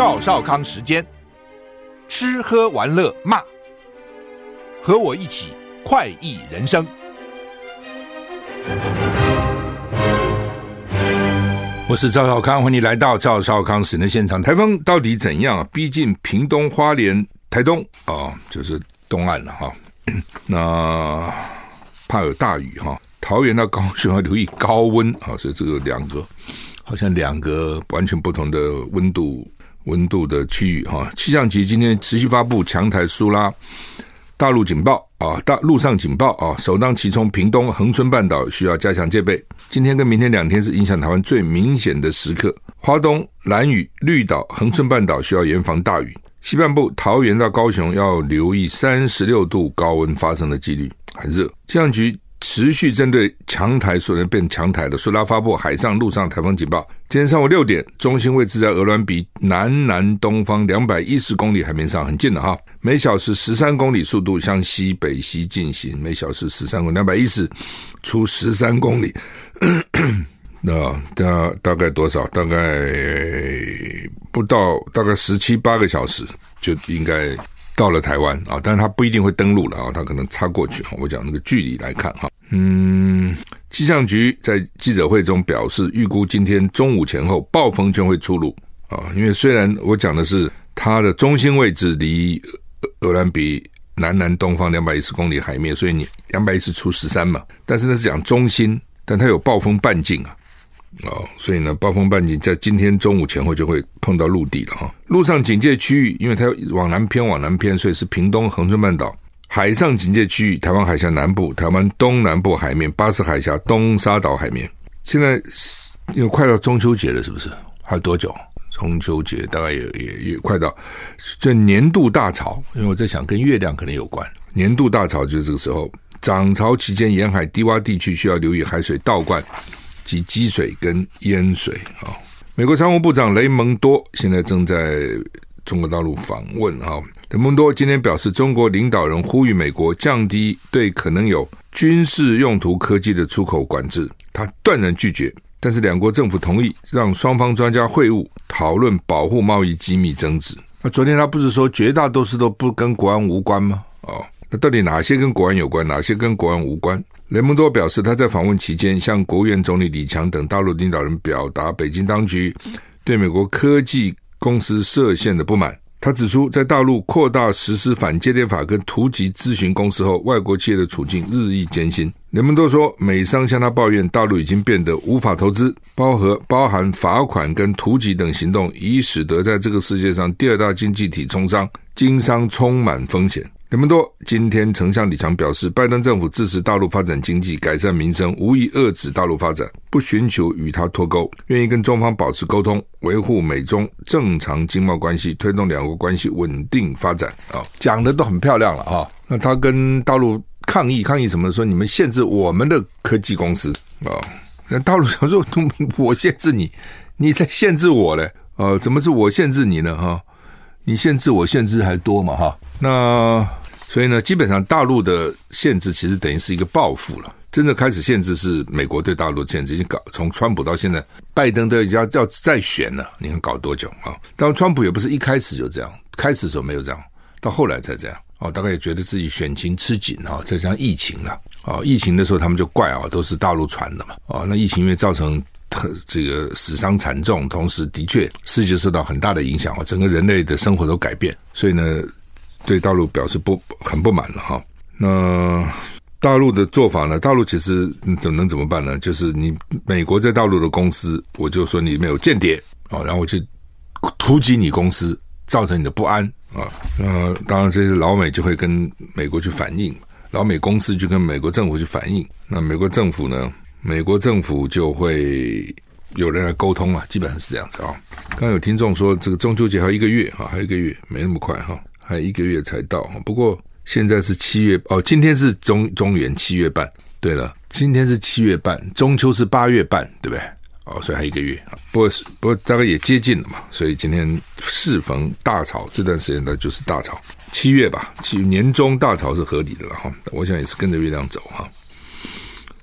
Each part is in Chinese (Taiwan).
趙少康時間，吃喝玩樂罵，和我一起快意人生。我是趙少康，歡迎來到趙少康時間現場。颱風到底怎樣啊？逼近屏東、花蓮、台東啊、哦，就是東岸了哈。那、哦嗯呃、怕有大雨哈、哦，桃園到高雄要留意高溫啊、哦，所以這個兩個好像兩個完全不同的溫度。溫度的區域哈、啊，氣象局今天持續發布強颱蘇拉大陸警報啊，大陸上警報啊，首當其衝，屏東恆春半島需要加強戒備。今天跟明天兩天是影響台灣最明顯的時刻，花東、蘭嶼、綠島、恆春半島需要嚴防大雨。西半部桃園到高雄要留意三十六度高溫發生的幾率，很熱。氣象局。持續針對強台所能變強台的蘇拉發布海上、陸上台風警報。今天上午六點，中心位置在鵝鑾鼻南南東方兩百一十公里海面上，很近的哈。每小時十三公里速度向西北西進行，每小時十三公兩百一十除十三公里，那、呃、大大概多少？大概不到大概十七八個小時就應該。到了台灣啊，但是他不一定會登陸了啊，他可能插過去啊。我講那個距離來看哈，嗯，氣象局在記者會中表示，預估今天中午前後，暴風圈會出爐。啊。因為雖然我講的是它的中心位置離鵝鑾鼻南南東方兩百一十公里海面，所以你兩百一十除十三嘛，但是那是講中心，但它有暴風半徑啊。哦，所以呢，暴風半徑在今天中午前後就會碰到陸地了哈。陸上警戒區域，因為它往南偏，往南偏，所以是屏東恆春半島；海上警戒區域，台灣海峽南部、台灣東南部海面、巴士海峽、東沙島海面。現在又快到中秋節了，是不是？還有多久？中秋節大概也也也快到。這年度大潮，因為我在想，跟月亮可能有關。年度大潮就是這個時候，漲潮期間，沿海低洼地區需要留意海水倒灌。及積水跟淹水啊、哦！美國商務部長雷蒙多現在正在中國大陸訪問、哦、雷蒙多今天表示，中國領導人呼籲美國降低對可能有軍事用途科技的出口管制，他斷然拒絕。但是兩國政府同意讓雙方專家會晤討論保護貿易機密爭執。那昨天他不是說絕大多數都不跟國安無關嗎？哦，那到底哪些跟國安有關，哪些跟國安無關？雷蒙多表示，他在訪問期間向國務院總理李強等大陸領導人表達北京當局對美國科技公司設限的不滿。他指出，在大陸擴大實施反間諜法跟突擊諮詢公司後，外國企業的處境日益艱辛。雷蒙多說，美商向他抱怨，大陸已經變得無法投資，包含包含罰款跟突擊等行動，已使得在這個世界上第二大經濟體從商，經商充滿風險。雷蒙多今天，丞相李強表示，拜登政府支持大陸發展經濟、改善民生，無意遏制大陸發展，不尋求與他脫鈎，願意跟中方保持溝通，維護美中正常經貿關係，推動兩國關係穩定發展。啊、哦，講的都很漂亮了哈、哦。那他跟大陸抗議抗議什麼？說你們限制我們的科技公司啊、哦？那大陸想說，我限制你，你在限制我嘞？啊、哦，怎麼是我限制你呢？哈、哦？你限制，我限制還多嘛哈、啊？那所以呢，基本上大陸的限制其實等於是一個報復了。真的開始限制是美國對大陸限制，已經搞從川普到現在拜登都要要要再選了，你看搞多久啊？當然川普也不是一開始就這樣，開始的時候沒有這樣，到後來才這樣哦、啊。大概也覺得自己選情吃緊啊，再加上疫情了啊，啊，疫情的時候他們就怪啊，都是大陸傳的嘛啊。那疫情因為造成。這個死傷慘重，同時的確世界受到很大的影響啊，整個人類的生活都改變，所以呢，對大陸表示不很不滿了哈。那大陸的做法呢？大陸其實怎能怎麼辦呢？就是你美國在大陸的公司，我就說你沒有間諜啊，然後我去突擊你公司，造成你的不安啊。那當然這些老美就會跟美國去反映，老美公司就跟美國政府去反映。那美國政府呢？美國政府就會有人來溝通了，基本上是這樣子啊、哦。剛剛有聽眾說，這個中秋節還有一個月啊，還有一個月，沒那麼快哈，還有一個月才到哈。不過現在是七月哦，今天是中中元七月半。對了，今天是七月半，中秋是八月半，對不對？哦，所以還有一個月，不過不過大概也接近了嘛。所以今天適逢大潮，這段時間呢，就是大潮七月吧，七月年終大潮是合理的了哈。我想也是跟着月亮走哈。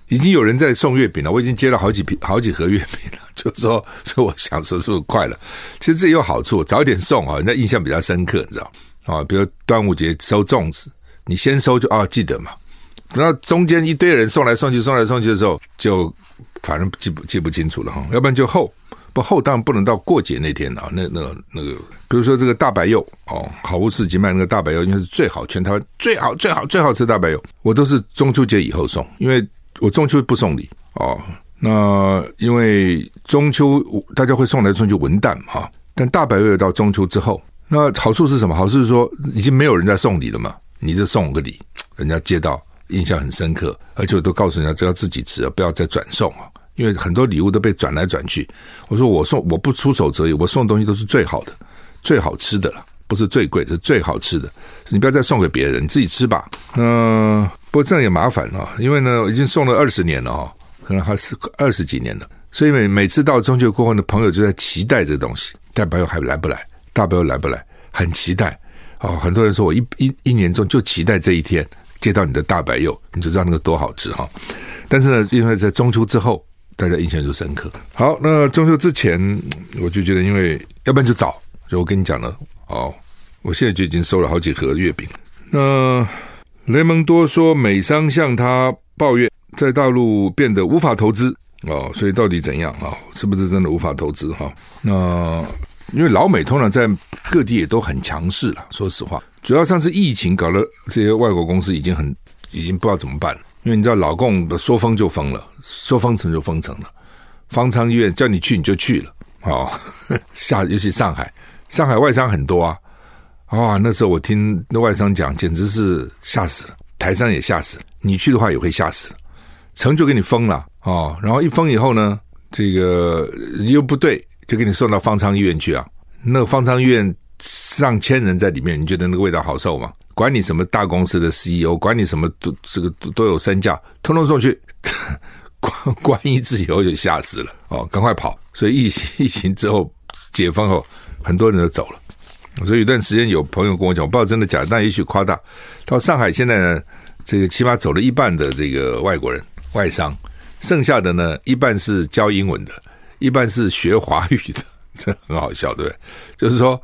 已經有人在送月餅了，我已經接了好幾瓶、好幾盒月餅了。就說，所以我想說是不是快了？其實這也有好處，早一點送啊，人家印象比較深刻，你知道？啊，比如端午節收粽子，你先收就啊、哦、記得嘛。等到中間一堆人送來送去、送來送去的時候，就反正記不記不清楚了哈。要不然就後不後，當然不能到過節那天啊。那那、那個、那個，比如說這個大白柚哦，好物市集賣那個大白柚，應該是最好全台灣最好最好最好，最好吃的大白柚。我都是中秋節以後送，因為。我中秋不送禮哦，那因為中秋大家會送來送去文旦哈、啊。但大白月到中秋之後，那好處是什麼？好處是說已經沒有人在送禮了嘛，你就送我個禮，人家接到印象很深刻，而且我都告訴人家只要自己吃，不要再轉送啊，因為很多禮物都被轉來轉去。我說我送我不出手則已，我送的東西都是最好的、最好吃的了，不是最貴，是最好吃的，你不要再送給別人，你自己吃吧。那、呃。不過這樣也麻煩了、哦，因為呢，我已經送了二十年了哈、哦，可能還是二十幾年了，所以每每次到中秋過後呢，朋友就在期待這東西，大白柚還來不來？大白柚來不來？很期待哦。很多人說我一一一年中就期待這一天接到你的大白柚，你就知道那個多好吃哈、哦。但是呢，因為在中秋之後，大家印象就深刻。好，那中秋之前，我就覺得，因為要不然就早，就我跟你講了，哦，我現在就已經收了好幾盒月餅，那。雷蒙多說，美商向他抱怨，在大陸變得無法投資哦，所以到底怎樣啊、哦？是不是真的無法投資哈？那、哦呃、因為老美通常在各地也都很強勢啦，說實話，主要上次疫情搞得這些外國公司已經很，已經不知道怎麼辦了，因為你知道老共的說封就封了，說封城就封城了，方艙醫院叫你去你就去了，哦，下 尤其上海，上海外商很多啊。哇、哦，那時候我聽外商講，簡直是嚇死了，台商也嚇死了，你去的話也會嚇死，城就給你封了哦，然後一封以後呢，這個又不對，就給你送到方艙醫院去啊，那個方艙醫院上千人在裡面，你覺得那個味道好受嗎？管你什麼大公司的 CEO，管你什麼都這個都有身價，通通送去，呵呵，關，關一次以後就嚇死了哦，趕快跑，所以疫情疫情之後解封後，很多人都走了。所以有段時間有朋友跟我講，我不知道真的假的，但也許誇大。到上海現在呢，這個起碼走了一半的這個外國人、外商，剩下的呢一半是教英文的，一半是學華語的，這很好笑，對不對？就是說，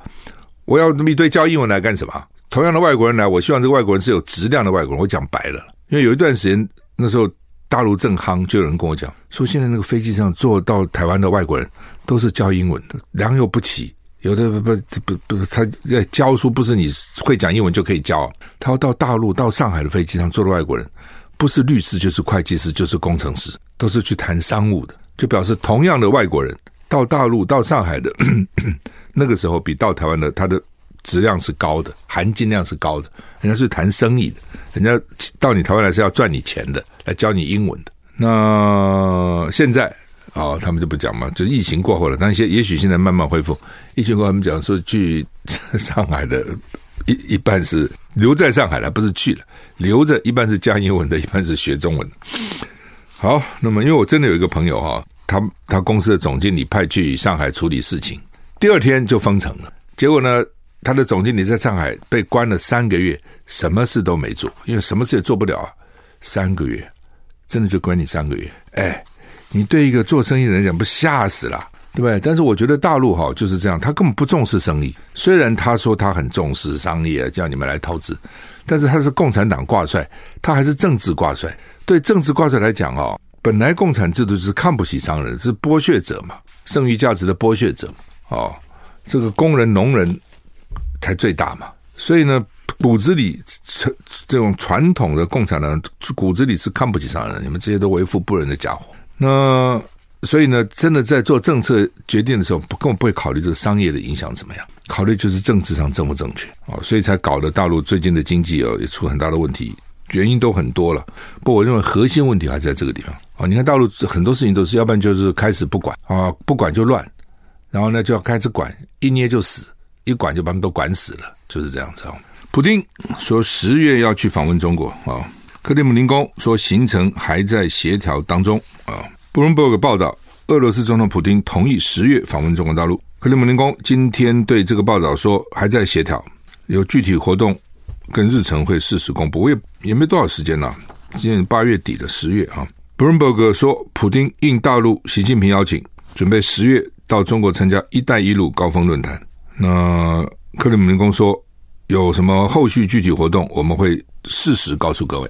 我要那麼一堆教英文來幹什麼？同樣的外國人來，我希望這個外國人是有質量的外國人。我講白了，因為有一段時間那時候大陸正夯，就有人跟我講，說現在那個飛機上坐到台灣的外國人都是教英文的，良莠不齊。有的不不不不，他在教書，不是你會講英文就可以教啊。他要到大陸、到上海的飛機上坐的外國人，不是律師就是會計師，就是工程師，都是去談商務的。就表示同樣的外國人到大陸、到上海的那個時候，比到台灣的他的質量是高的，含金量是高的。人家是談生意的，人家到你台灣來是要賺你錢的，來教你英文的。那現在。啊、哦，他們就不講嘛，就疫情過後了。但是也許現在慢慢恢復。疫情過後，他們講說去上海的一，一一半是留在上海了，不是去了，留着。一半是教英文的，一半是學中文的。好，那麼因為我真的有一個朋友哈、啊，他他公司的總經理派去上海處理事情，第二天就封城了。結果呢，他的總經理在上海被關了三個月，什麼事都沒做，因為什麼事也做不了。三個月，真的就關你三個月，哎。你對一個做生意的人講，不嚇死了，對不對？但是我覺得大陸哈、哦、就是這樣，他根本不重視生意。雖然他說他很重視商業，叫你們來投資，但是他是共產黨掛帥，他還是政治掛帥。對政治掛帥來講哦，本來共產制度是看不起商人，是剝削者嘛，剩餘價值的剝削者嘛。哦，這個工人、農人，才最大嘛。所以呢，骨子裡這種傳統的共產黨骨子裡是看不起商人，你們這些都為富不仁的家伙。那所以呢，真的在做政策決定的時候，根本不會考慮這個商業的影響怎麼樣，考慮就是政治上正不正確啊，所以才搞得大陸最近的經濟啊也出很大的問題，原因都很多了。不過我認為核心問題還是在這個地方啊、哦。你看大陸很多事情都是，要不然就是開始不管啊，不管就亂，然後呢就要開始管，一捏就死，一管就把他們都管死了，就是這樣子、哦。普丁說十月要去訪問中國啊、哦。克里姆林宮說，行程還在協調當中啊。布倫伯格報道，俄羅斯總統普丁同意十月訪問中國大陸。克里姆林宮今天對這個報道說，還在協調，有具體活動跟日程會適時公布。也也沒多少時間了、啊，今年八月底的十月啊。布倫伯格說，普丁應大陸習近平邀請，準備十月到中國參加“一帶一路”高峰論壇。那克里姆林宮說，有什麼後續具體活動，我們會適時告訴各位。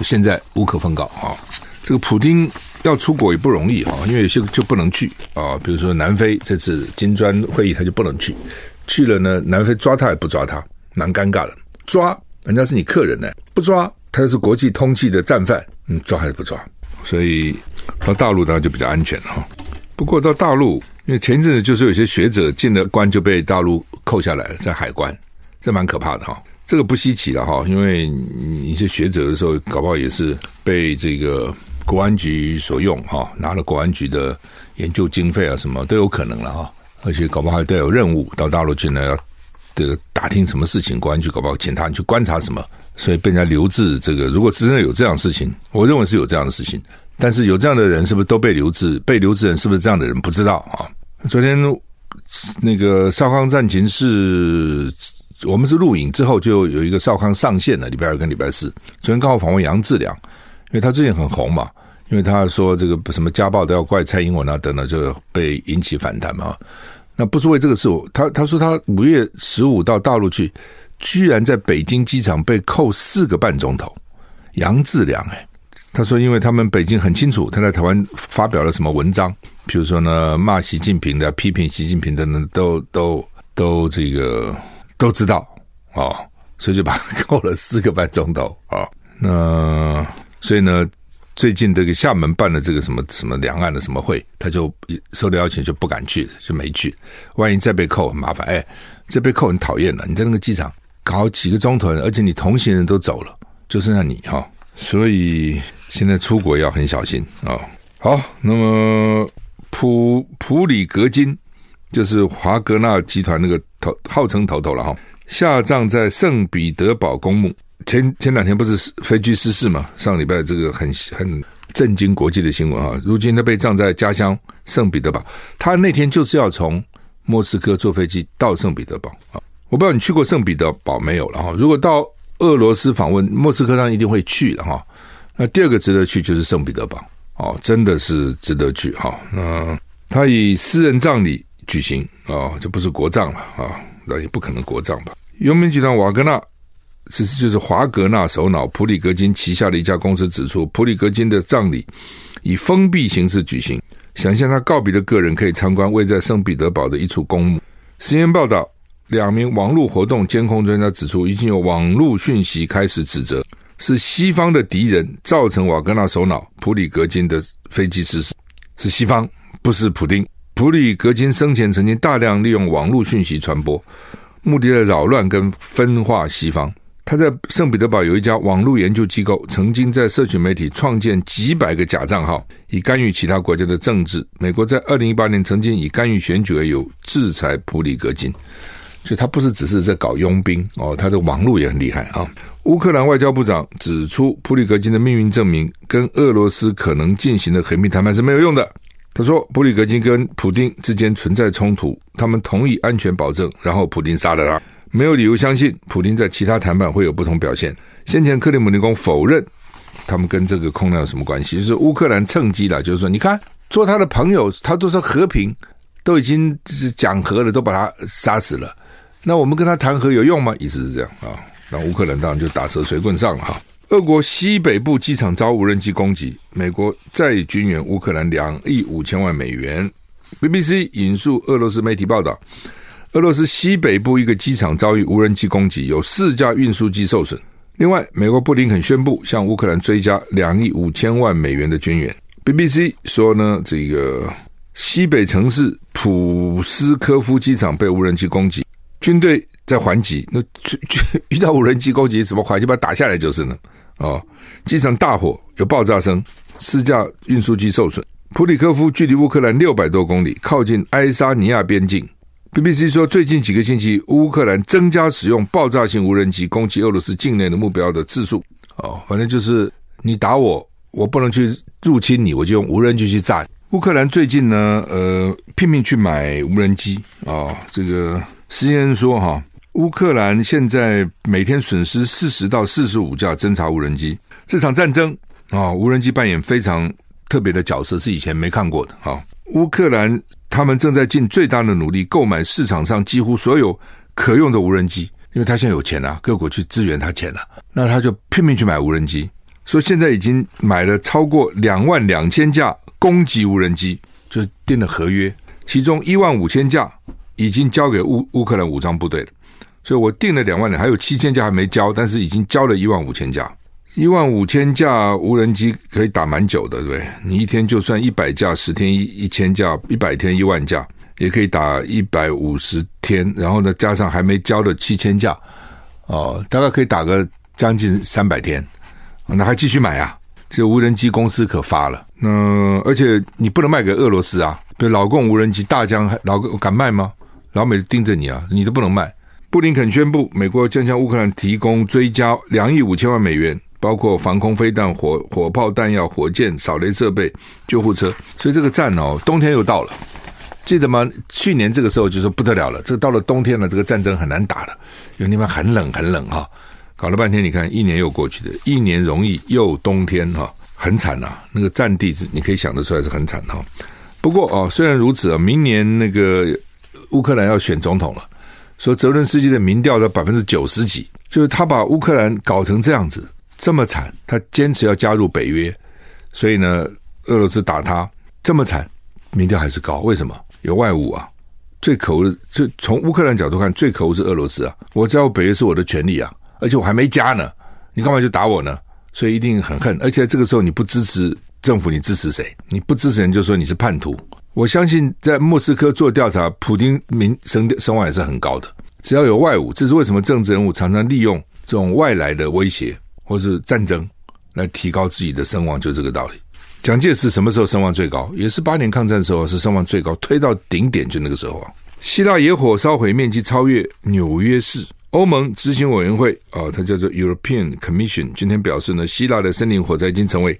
現在無可奉告啊！這個普丁要出國也不容易啊，因為有些就不能去啊，比如說南非這次金磚會議他就不能去，去了呢，南非抓他也不抓他，蠻尷尬的。抓人家是你客人呢，不抓他又是國際通緝的戰犯，你、嗯、抓還是不抓？所以到大陸當然就比較安全了、啊。不過到大陸，因為前一陣子就是有些學者進了關就被大陸扣下來了，在海關，這蠻可怕的哈、啊。這個不稀奇了哈，因為一些學者的時候，搞不好也是被這個國安局所用哈，拿了國安局的研究經費啊，什麼都有可能了哈。而且搞不好還帶有任務，到大陸去呢，要這個打聽什麼事情，國安局搞不好請他去觀察什麼，所以被人家留置。這個如果真的有這樣事情，我認為是有這樣的事情。但是有這樣的人，是不是都被留置？被留置的人是不是這樣的人？不知道啊。昨天那個《少康戰情室》。我們是錄影之後就有一個少康上線了，禮拜二跟禮拜四。昨天剛好訪問楊志良，因為他最近很紅嘛，因為他說這個什麼家暴都要怪蔡英文啊等等，就被引起反彈嘛。那不是為這個事，他他說他五月十五到大陸去，居然在北京機場被扣四個半鐘頭。楊志良哎，他說因為他們北京很清楚他在台灣發表了什麼文章，比如說呢罵習近平的、批評習近平等等，都都都這個。都知道哦，所以就把他扣了四個半鐘頭啊、哦。那所以呢，最近這個廈門辦了這個什麼什麼兩岸的什麼會，他就受了邀請就不敢去，就沒去。萬一再被扣，很麻煩哎，這被扣很討厭的。你在那個機場搞幾個鐘頭，而且你同行人都走了，就剩下你哈、哦。所以現在出國要很小心啊、哦。好，那麼普普里格津。就是華格納集團那個頭，號稱頭頭了哈，下葬在聖彼得堡公墓。前前兩天不是飛機失事嘛？上禮拜這個很很震驚國際的新聞啊，如今他被葬在家鄉聖彼得堡。他那天就是要從莫斯科坐飛機到聖彼得堡啊。我不知道你去過聖彼得堡沒有了哈。如果到俄羅斯訪問，莫斯科他一定會去的哈。那第二個值得去就是聖彼得堡哦，真的是值得去哈。那他以私人葬禮舉行啊、哦，這不是國葬了啊，那、哦、也不可能國葬吧？傭兵集團瓦格納，其實就是華格納首腦普里格津旗下的一家公司指出，普里格津的葬禮以封閉形式舉行，想向他告別的個人可以參觀位在聖彼得堡的一處公墓。實驗報道，兩名網絡活動監控專家指出，已經有網絡訊息開始指責是西方的敵人造成瓦格納首腦普里格津的飛機失事，是西方，不是普丁。普里格津生前曾經大量利用網絡訊息傳播，目的在擾亂跟分化西方。他在聖彼得堡有一家網絡研究機構，曾經在社群媒體創建幾百個假賬號，以干預其他國家的政治。美國在二零一八年曾經以干預選舉為由制裁普里格津，就他不是只是在搞傭兵哦，他的網絡也很厲害啊。烏克蘭外交部長指出，普里格津的命運證明，跟俄羅斯可能進行的和平談判是沒有用的。他說：“普里格津跟普丁之間存在衝突，他們同意安全保證，然後普丁殺了他。沒有理由相信普丁在其他談判會有不同表現。先前克里姆林宮否認他們跟這個空難有什麼關係，就是烏克蘭趁機了，就是說，你看，做他的朋友，他都是和平，都已經是講和了，都把他殺死了，那我們跟他談和有用嗎？意思是這樣啊？那烏克蘭當然就打蛇隨棍上了哈。啊”俄國西北部機場遭無人機攻擊，美國再軍援烏克蘭兩億五千萬美元。BBC 引述俄羅斯媒體報道，俄羅斯西北部一個機場遭遇無人機攻擊，有四架運輸機受損。另外，美國布林肯宣布向烏克蘭追加兩億五千萬美元的軍援。BBC 說呢，這個西北城市普斯科夫機場被無人機攻擊，軍隊在還擊。那遇遇到無人機攻擊，怎麼還擊？就把它打下來就是呢。哦，機場大火，有爆炸聲，四架運輸機受損。普里科夫距離烏克蘭六百多公里，靠近愛沙尼亞邊境。BBC 說，最近幾個星期，烏克蘭增加使用爆炸性無人機攻擊俄羅斯境內的目標的次數。哦，反正就是你打我，我不能去入侵你，我就用無人機去炸。烏克蘭最近呢，呃，拼命去買無人機。啊、哦，這個 CNN 說哈。烏克蘭現在每天損失四十到四十五架偵察無人機。這場戰爭啊、哦，無人機扮演非常特別的角色，是以前沒看過的啊、哦，烏克蘭他們正在盡最大的努力購買市場上幾乎所有可用的無人機，因為他現在有錢了、啊，各國去支援他錢了、啊，那他就拼命去買無人機。說現在已經買了超過兩萬兩千架攻擊無人機，就訂了合約，其中一萬五千架已經交給烏烏克蘭武裝部隊了。所以我訂了兩萬架，還有七千架還沒交，但是已經交了一萬五千架。一萬五千架無人機可以打蠻久的，對不對？你一天就算一百架，十天一一千架，一百天一萬架，也可以打一百五十天。然後呢，加上還沒交的七千架，哦，大概可以打個將近三百天、哦。那還繼續買啊？這無人機公司可發了。嗯，而且你不能賣給俄羅斯啊，比如老共無人機，大疆，老共敢賣嗎？老美盯着你啊，你都不能賣。布林肯宣布，美國將向烏克蘭提供追加兩億五千萬美元，包括防空飛彈、火火炮彈藥、火箭、掃雷設備、救護車。所以這個戰哦，冬天又到了，記得嗎？去年這個時候就說不得了了，這到了冬天了，這個戰爭很難打了，因為那邊很冷很冷哈、啊。搞了半天，你看一年又過去的，一年容易又冬天哈、啊，很慘吶、啊。那個戰地是你可以想得出來是很慘哈、啊。不過哦、啊，雖然如此啊，明年那個烏克蘭要選總統了。說澤倫斯基的民調的百分之九十幾，就是他把烏克蘭搞成這樣子這麼慘，他堅持要加入北約，所以呢，俄羅斯打他這麼慘，民調還是高，為什麼？有外侮啊，最可惡，就從烏克蘭角度看最可惡是俄羅斯啊，我加入北約是我的權利啊，而且我還沒加呢，你幹嘛就打我呢？所以一定很恨，而且這個時候你不支持。政府，你支持誰？你不支持人，就說你是叛徒。我相信，在莫斯科做調查，普丁名聲的聲望也是很高的。只要有外侮，這是為什麼政治人物常常利用這種外來的威脅或是戰爭來提高自己的聲望，就是、這個道理。蔣介石什麼時候聲望最高？也是八年抗戰的時候是聲望最高，推到頂點就那個時候啊。希臘野火燒毀面積超越紐約市，歐盟執行委員會啊，他、哦、叫做 European Commission，今天表示呢，希臘的森林火災已經成為。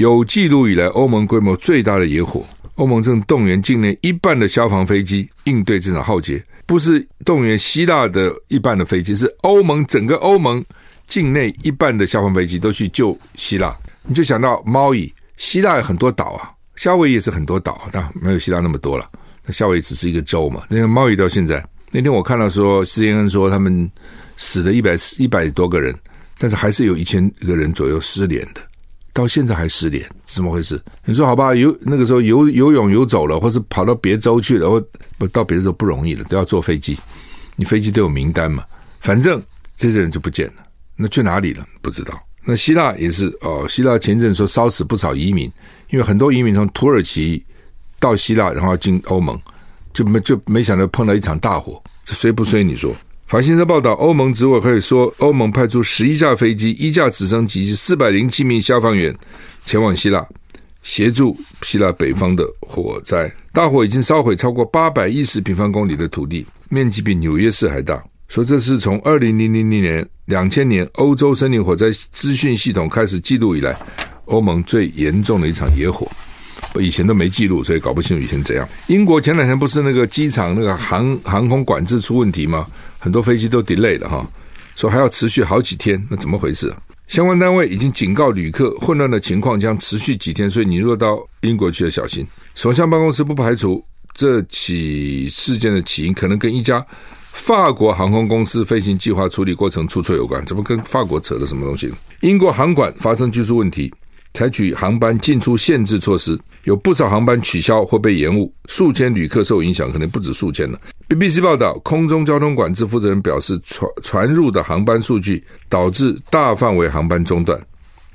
有記錄以來，歐盟規模最大的野火，歐盟正動員境內一半的消防飛機應對這場浩劫。不是動員希臘的一半的飛機，是歐盟整個歐盟境內一半的消防飛機都去救希臘。你就想到毛伊，希臘有很多島啊，夏威夷也是很多島，當然沒有希臘那麼多了。那夏威夷只是一個州嘛？那個毛伊到現在，那天我看到說 CNN 說他們死了一百一百多個人，但是還是有一千個人左右失聯的。到現在還失聯，怎麼回事？你說好吧，游那個時候游游泳游走了，或是跑到別州去了，或不到別州不容易了，都要坐飛機。你飛機都有名單嘛，反正這些人就不見了，那去哪裡了？不知道。那希臘也是哦，希臘前陣說燒死不少移民，因為很多移民從土耳其到希臘，然後進歐盟，就沒就沒想到碰到一場大火，這衰不衰你說？嗯法新社報道，歐盟執委可以說，歐盟派出十一架飛機、一架直升機及四百零七名消防員前往希臘，協助希臘北方的火災。大火已經燒燬超過八百一十平方公里的土地，面積比紐約市還大。說這是從二零零零年、兩千年歐洲森林火災資訊系統開始記錄以來，歐盟最嚴重的一場野火。我以前都沒記錄，所以搞不清楚以前怎樣。英國前兩天不是那個機場那個航航空管制出問題嗎？很多飛機都 delay 了哈，說還要持續好幾天，那怎麼回事啊？相關單位已經警告旅客，混亂的情況將持續幾天，所以你若到英國去要小心。首相辦公室不排除這起事件的起因可能跟一家法國航空公司飛行計劃處理過程出錯有關，怎麼跟法國扯的什麼東西？英國航管發生技術問題。採取航班進出限制措施，有不少航班取消或被延誤，數千旅客受影響，可能不止數千了。BBC 報道，空中交通管制負責人表示，傳傳入的航班數據導致大範圍航班中斷，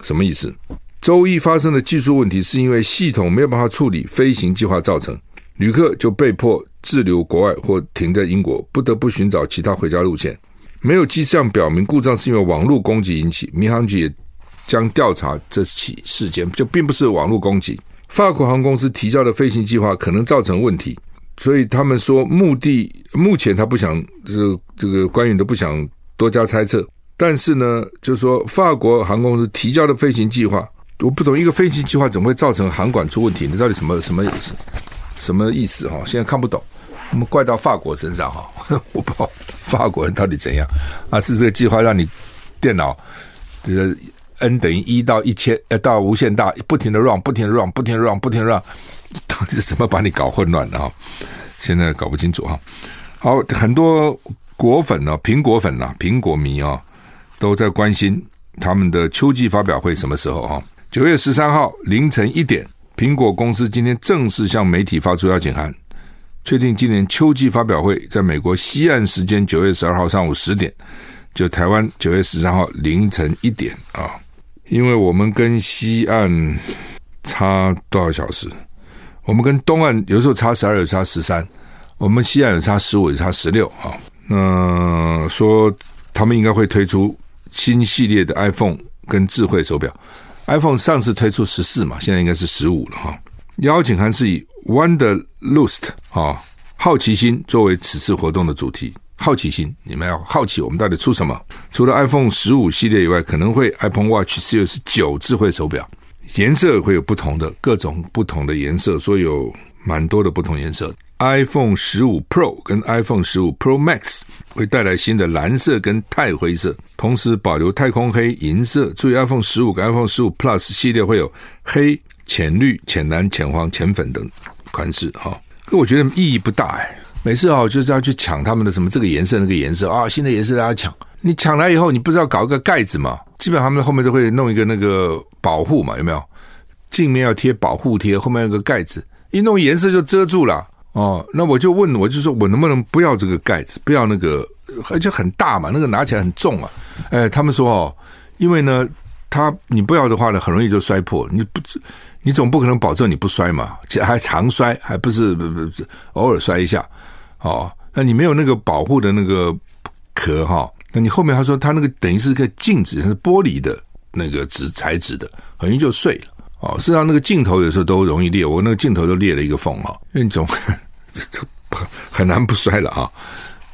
什麼意思？周一發生的技術問題是因為系統沒有辦法處理飛行計劃，造成旅客就被迫滯留國外或停在英國，不得不尋找其他回家路線。沒有跡象表明故障是因為網絡攻擊引起，民航局也。將調查這起事件，就並不是網絡攻擊。法國航空公司提交的飛行計劃可能造成問題，所以他們說，目的目前他不想，這個這個官員都不想多加猜測。但是呢，就是說法國航空公司提交的飛行計劃，我不懂一個飛行計劃怎麼會造成航管出問題？你到底什麼什麼意思？什麼意思？哈，現在看不懂。我們怪到法國身上哈，我不知道法國人到底怎樣啊？是這個計劃讓你電腦這個？n 等於一到一千呃到無限大不停的 run 不停的 run 不停地 run 不停地 run 到底是怎麼把你搞混亂的？啊、現在搞不清楚哈、啊。好，很多果粉呢、啊，蘋果粉吶、啊，蘋果迷啊，都在關心他們的秋季發表會什麼時候啊？九月十三號凌晨一點，蘋果公司今天正式向媒體發出邀請函，確定今年秋季發表會在美國西岸時間九月十二號上午十點，就台灣九月十三號凌晨一點啊。因為我們跟西岸差多少小時？我們跟東岸有時候差十二，有差十三。我們西岸有差十五，有差十六。哈、哦，那說他們應該會推出新系列的 iPhone 跟智慧手錶。iPhone 上次推出十四嘛，現在應該是十五了。哈，邀請函是以 Wonderlust 啊、哦，好奇心作為此次活動的主題。好奇心，你們要好奇，我們到底出什麼？除了 iPhone 十五系列以外，可能會 iPhone Watch Series 九智慧手錶，顏色會有不同的各種不同的顏色，所以有蠻多的不同顏色。iPhone 十五 Pro 跟 iPhone 十五 Pro Max 會帶來新的藍色跟鈦灰色，同時保留太空黑、銀色。注意，iPhone 十五跟 iPhone 十五 Plus 系列會有黑、淺綠、淺藍、淺黃、淺粉等款式。哈、哦，我覺得意義不大，哎。每次哦，就是要去搶他們的什麼這個顏色那個顏色啊，新的顏色大家搶。你搶來以後，你不是要搞一個蓋子嘛？基本上他們後面都會弄一個那個保護嘛，有沒有？鏡面要貼保護貼，後面有個蓋子，一弄顏色就遮住了哦。那我就問，我就說我能不能不要這個蓋子，不要那個，而且很大嘛，那個拿起來很重啊。哎，他們說哦，因為呢，它你不要的話呢，很容易就摔破。你不，你總不可能保證你不摔嘛，且還常摔，還不是偶爾摔一下。哦，那你沒有那個保護的那個殼哈、哦？那你後面他說他那個等於是個鏡子，是玻璃的那個紙材質的，很容易就碎了。哦，實際上那個鏡頭有時候都容易裂，我那個鏡頭都裂了一個縫哈。哦、因為你總，這這很難不摔了啊、哦。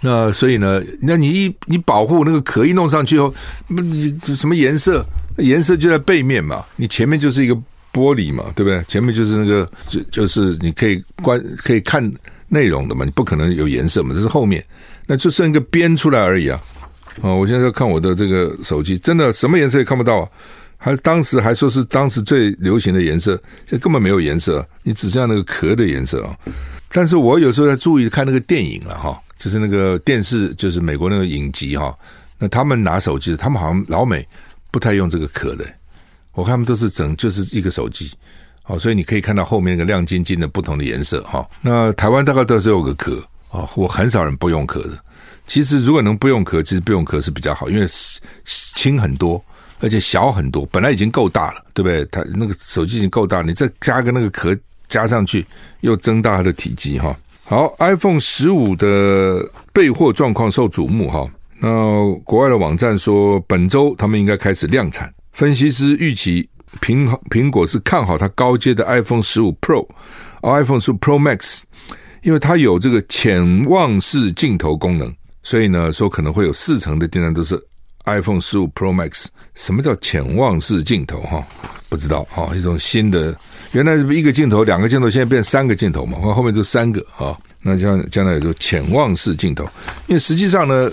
那所以呢，那你一你保護那個殼一弄上去後，那你什麼顏色？顏色就在背面嘛，你前面就是一個玻璃嘛，對不對？前面就是那個就就是你可以觀可以看。內容的嘛，你不可能有顏色嘛，這是後面，那就剩一個邊出來而已啊！哦，我現在就看我的這個手機，真的什麼顏色也看不到。還當時還說是當時最流行的顏色，現在根本沒有顏色，你只剩那個殼的顏色啊！但是我有時候在注意看那個電影了哈，就是那個電視，就是美國那個影集哈。那他們拿手機，他們好像老美不太用這個殼的，我看他們都是整就是一個手機。哦，所以你可以看到後面那個亮晶晶的不同的顏色哈。那台灣大概都是有個殼啊，哦，我很少人不用殼的。其實如果能不用殼，其實不用殼是比較好，因為輕很多，而且小很多。本來已經夠大了，對不對？它那個手機已經夠大，你再加個那個殼加上去，又增大它的體積哈。好，iPhone 十五的備貨狀況受矚目哈。那國外的網站說，本周他們應該開始量產，分析師預期。蘋蘋果是看好它高階的 iPhone 十五 Pro，iPhone 十五 Pro Max，因為它有這個潛望式鏡頭功能，所以呢，說可能會有四成的訂單都是 iPhone 十五 Pro Max。什麼叫潛望式鏡頭？哈、哦，不知道哈、哦。一種新的，原來是不是一個鏡頭，兩個鏡頭，現在變三個鏡頭嘛？看後面就三個哈、哦，那將將來也就潛望式鏡頭，因為實際上呢，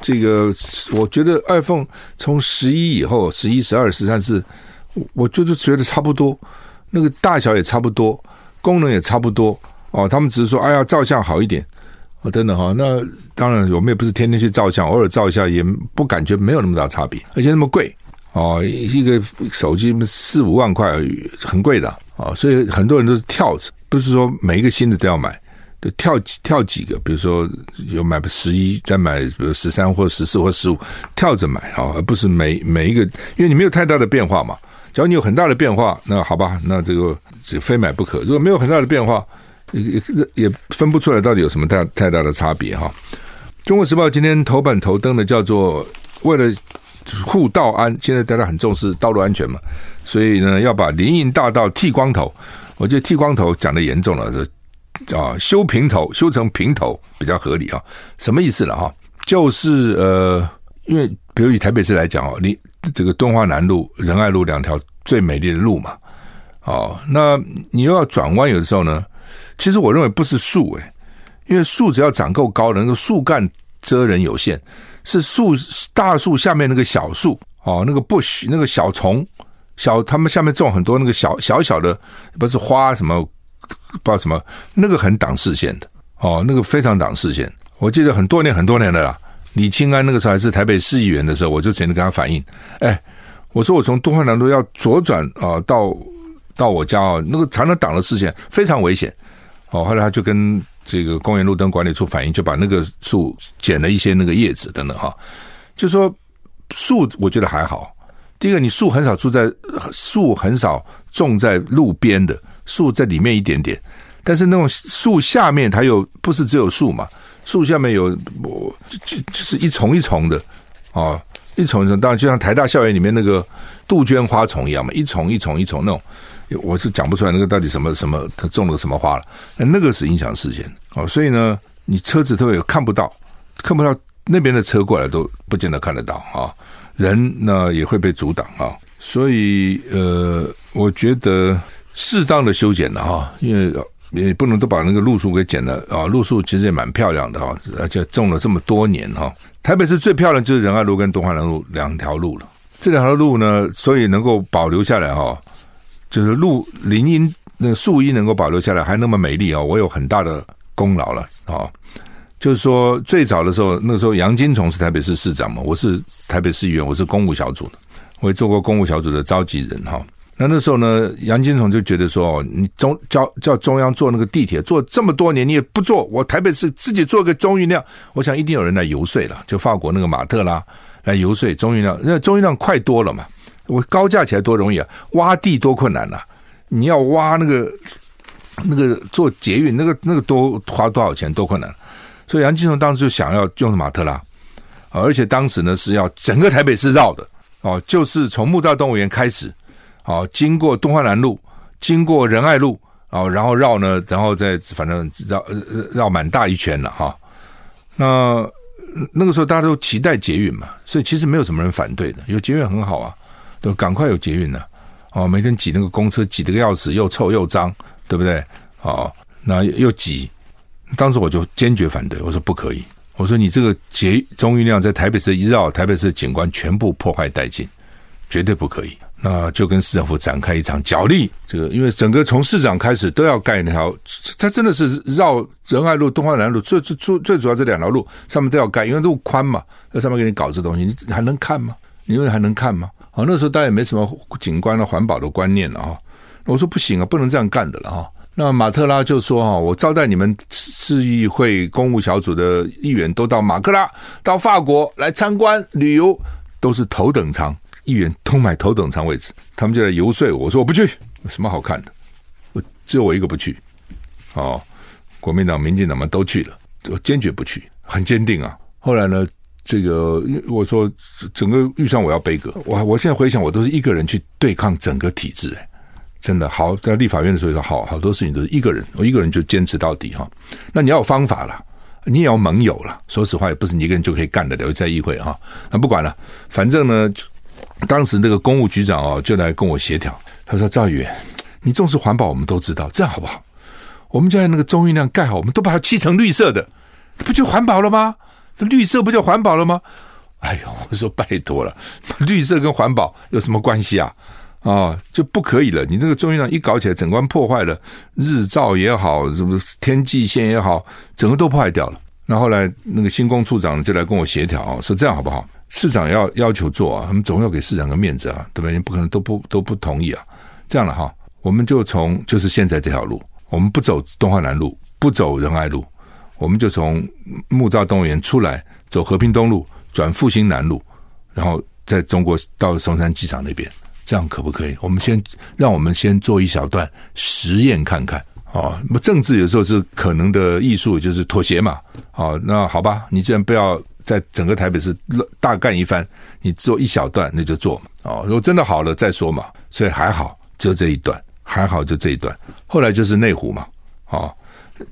這個我覺得 iPhone 從十一以後，十一、十二、十三是。我就是覺得差不多，那個大小也差不多，功能也差不多哦。他們只是說，哎呀，照相好一點哦，等等哈，哦。那當然，我們也不是天天去照相，偶爾照一下也不感覺沒有那麼大差別，而且那麼貴哦，一個手機四五萬塊而已,很貴的哦。所以很多人都是跳着，不是說每一個新的都要買，就跳幾跳幾個，比如說有買十一，再買比如十三或十四或十五，跳着買啊，哦，而不是每每一個，因為你沒有太大的變化嘛。只要你有很大的變化，那好吧，那這個就非買不可。如果沒有很大的變化，也也也分不出來到底有什麼太太大的差別哈。中國時報今天頭版頭登的叫做“為了護道安”，現在大家很重視道路安全嘛，所以呢要把林蔭大道剃光頭。我覺得剃光頭講的嚴重了，這啊，修平頭，修成平頭比較合理啊。什麼意思呢？哈？就是呃，因為比如以台北市來講哦，你。這個敦化南路、仁愛路兩條最美麗的路嘛，哦，那你又要轉彎，有的時候呢，其實我認為不是樹誒，因為樹只要長夠高的那個樹幹遮人有限，是樹大樹下面那個小樹哦，那個 Bush 那個小叢，小，他們下面種很多那個小小小的，不是花什麼，不知道什麼，那個很擋視線的哦，那個非常擋視線，我記得很多年很多年了啦。李慶安那個時候還是台北市議員的時候，我就曾經跟他反映，哎，我說我從敦化南路要左轉啊，到到我家哦、啊，那個常常擋了視線，非常危險。哦，後來他就跟這個公園路燈管理處反映，就把那個樹剪了一些那個葉子等等哈、啊，就說樹我覺得還好。第一個，你樹很少住在樹很少種在路邊的，樹在裡面一點點，但是那種樹下面它有，不是只有樹嘛。樹下面有，就就就是一叢一叢的，啊，一叢一叢，當然就像台大校園裡面那個杜鵑花叢一樣嘛，一叢一叢一叢那種，我是講不出來那個到底什麼什麼，它種了什麼花了，那個是影響視線哦，所以呢，你車子特別看不到，看不到那邊的車過來都不見得看得到啊，人呢也會被阻擋啊，所以呃，我覺得。適當的修剪了哈，因為也不能都把那個路樹給剪了啊。路樹其實也蠻漂亮的哈，而且種了這麼多年哈。台北市最漂亮的就是仁愛路跟敦化南路兩條路了。這兩條路呢，所以能夠保留下來哈，就是路林蔭那樹蔭能夠保留下來還那麼美麗哦，我有很大的功勞了啊、哦。就是說，最早的時候，那個時候楊金欉是台北市市長嘛，我是台北市議員，我是公務小組的，我也做過公務小組的召集人哈。那那時候呢，楊金松就覺得說，你中叫叫中央做那個地鐵，做這麼多年你也不做，我台北市自己做個中運量，我想一定有人來遊說了。就法國那個馬特拉來遊說中運量，因為中運量快多了嘛，我高架起來多容易啊，挖地多困難吶、啊！你要挖那個那個做捷運那個那個多花多少錢，多困難、啊。所以楊金松當時就想要用馬特拉，而且當時呢是要整個台北市繞的哦，就是從木柵動物園開始。好，經過敦化南路，經過仁愛路，然後繞呢，然後再反正繞繞滿大一圈了哈。那那個時候大家都期待捷運嘛，所以其實沒有什麼人反對的，有捷運很好啊，都趕快有捷運呢。哦，每天擠那個公車，擠得個要死，又臭又髒，對不對？哦，那又擠，當時我就堅決反對，我說不可以，我說你這個捷中運量在台北市一繞，台北市的景觀全部破壞殆盡。絕對不可以，那就跟市政府展開一場角力。這個因為整個從市長開始都要蓋那條，他真的是繞仁愛路、敦化南路最最最最主要這兩條路上面都要蓋，因為路寬嘛，在上面給你搞這東西，你還能看嗎？你認為還能看嗎？啊，那時候大家也沒什麼景觀的、啊、環保的觀念了啊。我說不行啊，不能這樣幹的了啊。那馬特拉就說啊，我招待你們市議會公務小組的議員都到馬特拉、到法國來參觀旅遊，都是頭等艙。議員通買頭等艙位置，他們就來游說我，我說我不去，有什麼好看的？我只有我一個不去，哦，國民黨、民進黨們都去了，我堅決不去，很堅定啊。後來呢，這個我說整個預算我要杯葛，我我現在回想，我都是一個人去對抗整個體制、欸，真的好。在立法院的時候說，好好多事情都是一個人，我一個人就堅持到底哈、啊。那你要有方法了，你也要盟友了。說實話，也不是你一個人就可以幹的了。在議會啊，那不管了、啊，反正呢。當時那個公務局長哦，就來跟我協調，他說：“趙宇，你重視環保，我們都知道，這樣好不好？我們就在那個中運量蓋好，我們都把它漆成綠色的，不就環保了嗎？這綠色不就環保了嗎？”哎呦，我說拜托了，綠色跟環保有什麼關係啊？啊、哦，就不可以了！你那個中運量一搞起來，整個破壞了，日照也好，什麼天際線也好，整個都破壞掉了。然後來那個新工處長就來跟我協調，說這樣好不好？市長要要求做啊，他們總要給市長個面子啊，對吧對？你不可能都不都不同意啊。這樣的哈，我們就從就是現在這條路，我們不走敦化南路，不走仁愛路，我們就從木柵動物園出來，走和平東路，轉復興南路，然後在中國到松山機場那邊，這樣可不可以？我們先讓我們先做一小段實驗看看啊。哦，那麼政治有時候是可能的藝術，就是妥協嘛。好、哦，那好吧，你既然不要。在整個台北市大幹一番，你做一小段那就做嘛，哦，如果真的好了再說嘛，所以還好，只有這一段還好，就這一段。後來就是內湖嘛，哦，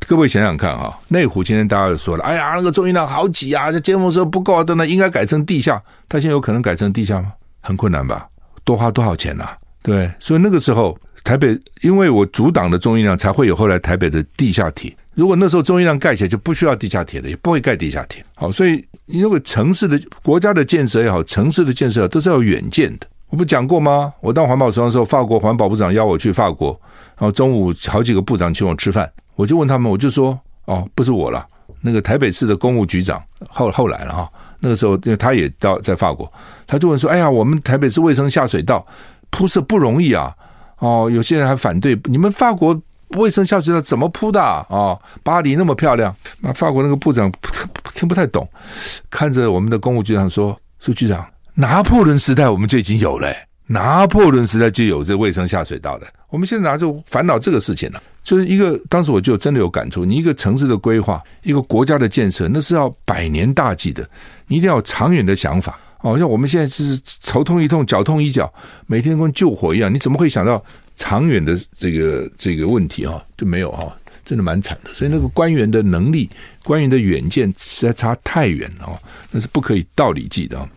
各位想想看啊、哦，內湖今天大家又說了，哎呀，那個中運量好擠啊，這尖峰時候不夠，啊，等等，應該改成地下，它現在有可能改成地下嗎？很困難吧，多花多少錢吶、啊？對，所以那個時候台北，因為我阻擋了中運量，才會有後來台北的地下鐵。如果那時候中運量蓋起來，就不需要地下鐵了，也不會蓋地下鐵。好、哦，所以。你如果城市的國家的建設也好，城市的建設也好，都是要遠見的。我不講過嗎？我當環保署長的時候，法國環保部長邀我去法國，然後中午好幾個部長請我吃飯，我就問他們，我就說哦，不是我了，那個台北市的公務局長後後來了哈、哦。那個時候因為他也到在法國，他就問說：哎呀，我們台北市衛生下水道鋪設不容易啊！哦，有些人還反對你們法國衛生下水道怎麼鋪的啊？哦、巴黎那麼漂亮，那法國那個部長。聽不太懂，看着我們的公務局長說：“說局長，拿破崙時代我們就已經有了，拿破崙時代就有這衛生下水道了。我們現在拿着煩惱這個事情呢、啊，就是一個當時我就真的有感觸。你一個城市的規劃，一個國家的建設，那是要百年大計的，你一定要有長遠的想法。好、哦、像我們現在就是頭痛一痛，腳痛一腳，每天跟救火一樣。你怎麼會想到長遠的這個這個問題、啊？哈，就沒有哈、啊，真的蠻慘的。所以那個官員的能力。”官員的遠見實在差太遠了，那是不可以道理計的啊。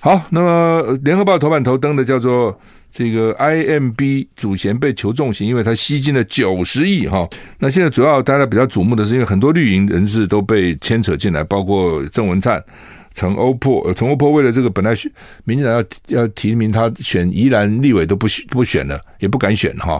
好，那麼聯合報頭版頭登的叫做這個 im.B 主嫌被求重刑，因為他吸金了九十億哈。那現在主要大家比較矚目的是，因為很多綠營人士都被牽扯進來，包括鄭文燦、陳歐珀、陳歐珀為了這個本來民進黨要要提名他選宜蘭立委都不不選了，也不敢選哈，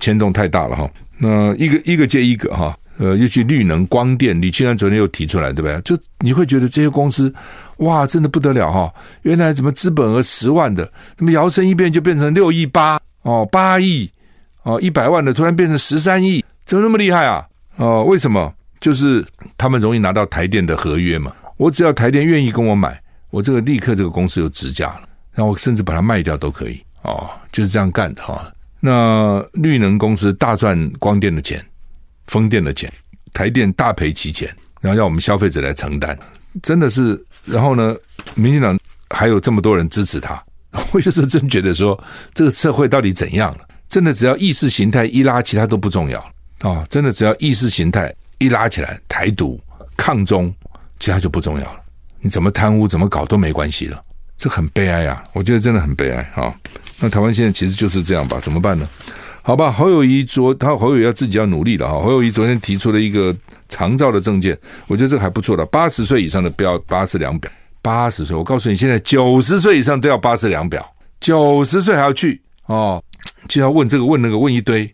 牽動太大了哈。那一個一個接一個哈。呃，又去綠能光電，你竟然昨天又提出來，對不對？就你會覺得這些公司哇，真的不得了哈、哦！原來怎麼資本額十萬的，怎麼搖身一變就變成六億八哦，八億哦，一百萬的突然變成十三億，怎麼那麼厲害啊？哦，為什麼？就是他們容易拿到台電的合約嘛。我只要台電願意跟我買，我這個立刻這個公司有值價了，然後我甚至把它賣掉都可以哦，就是這樣幹的哈、哦。那綠能公司大賺光電的錢。風電的錢，台電大賠其錢，然後要我們消費者來承擔，真的是，然後呢，民進黨還有這麼多人支持他，我有時候真覺得說，這個社會到底怎樣？真的只要意識形態一拉，其他都不重要啊、哦！真的只要意識形態一拉起來，台獨、抗中，其他就不重要了。你怎麼貪污，怎麼搞都沒關係了，這很悲哀啊！我覺得真的很悲哀啊、哦！那台灣現在其實就是這樣吧？怎麼辦呢？好吧，侯友宜昨他侯友宜要自己要努力了哈。侯友宜昨天提出了一個長照的政見，我覺得這個還不錯的。八十歲以上的不要巴氏量表，八十歲我告訴你，現在九十歲以上都要巴氏量表，九十歲還要去哦，就要問這個問那個問一堆，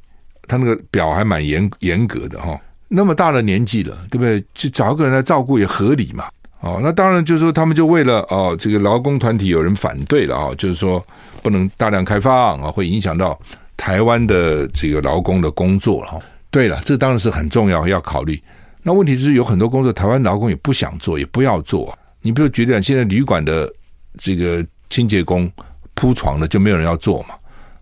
他那個表還蠻嚴嚴格的哈、哦。那麼大的年紀了，對不對？去找個人來照顧也合理嘛？哦，那當然就是說他們就為了哦，這個勞工團體有人反對了啊、哦，就是說不能大量開放啊，會影響到。台灣的這個勞工的工作哈，對了，這當然是很重要要考慮。那問題是有很多工作台灣勞工也不想做，也不要做啊。你不要覺得現在旅館的這個清潔工鋪床的就沒有人要做嘛？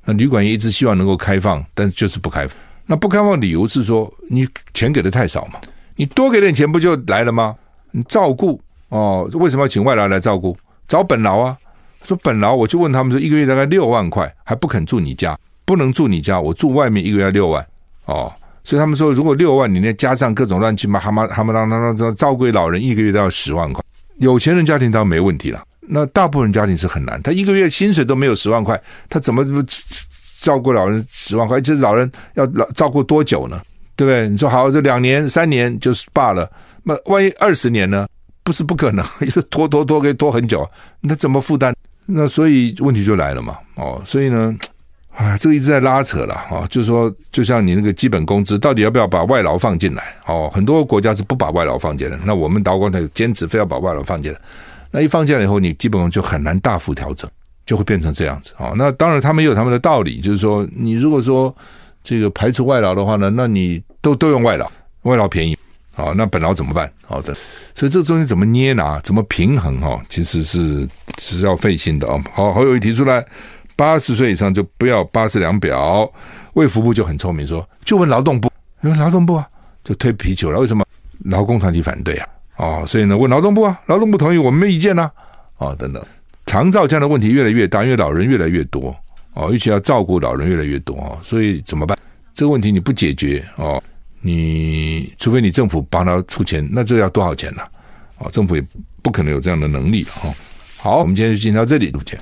那旅館也一直希望能夠開放，但是就是不開放。那不開放的理由是說你錢給的太少嘛？你多給點錢不就來了嗎？你照顧哦，為什麼要請外勞來照顧？找本勞啊，說本勞，我就問他們說一個月大概六萬塊，還不肯住你家。不能住你家，我住外面一個月要六萬哦，所以他們說，如果六萬，你再加上各種亂七八哈嘛哈嘛啷啷啷，照顧老人一個月都要十萬塊。有錢人家庭倒沒問題了，那大部分家庭是很難。他一個月薪水都沒有十萬塊，他怎麼照顧老人十萬塊？其實老人要老照顧多久呢？對不對？你說好，這兩年三年就是罷了。那萬一二十年呢？不是不可能，拖拖拖可以拖，拖很久，那怎麼負擔？那所以問題就來了嘛。哦，所以呢，啊，這個一直在拉扯了啊、哦，就是說，就像你那個基本工資，到底要不要把外勞放進來？哦，很多國家是不把外勞放進來的，那我們島國的堅持非要把外勞放進來，那一放進來以後，你基本上就很難大幅調整，就會變成這樣子啊、哦。那當然，他們也有他們的道理，就是說，你如果說這個排除外勞的話呢，那你都都用外勞，外勞便宜啊、哦，那本勞怎麼辦？好、哦、的，所以這個東西怎麼捏拿，怎麼平衡？哈、哦，其實是是要費心的啊、哦。好，侯友宜提出來。八十歲以上就不要巴氏量表，衛福部就很聰明說，說就問勞動部，說、哎、勞動部啊，就推皮球了。為什麼？勞工團體反對啊，哦，所以呢，問勞動部啊，勞動部同意，我們沒意見啊。哦，等等。長照這樣的問題越來越大，因為老人越來越多，哦，尤其要照顧老人越來越多啊、哦，所以怎麼辦？這個問題你不解決哦，你除非你政府幫他出錢，那這要多少錢呢、啊？哦，政府也不可能有這樣的能力啊、哦。好，我們今天就進到這裡，再見。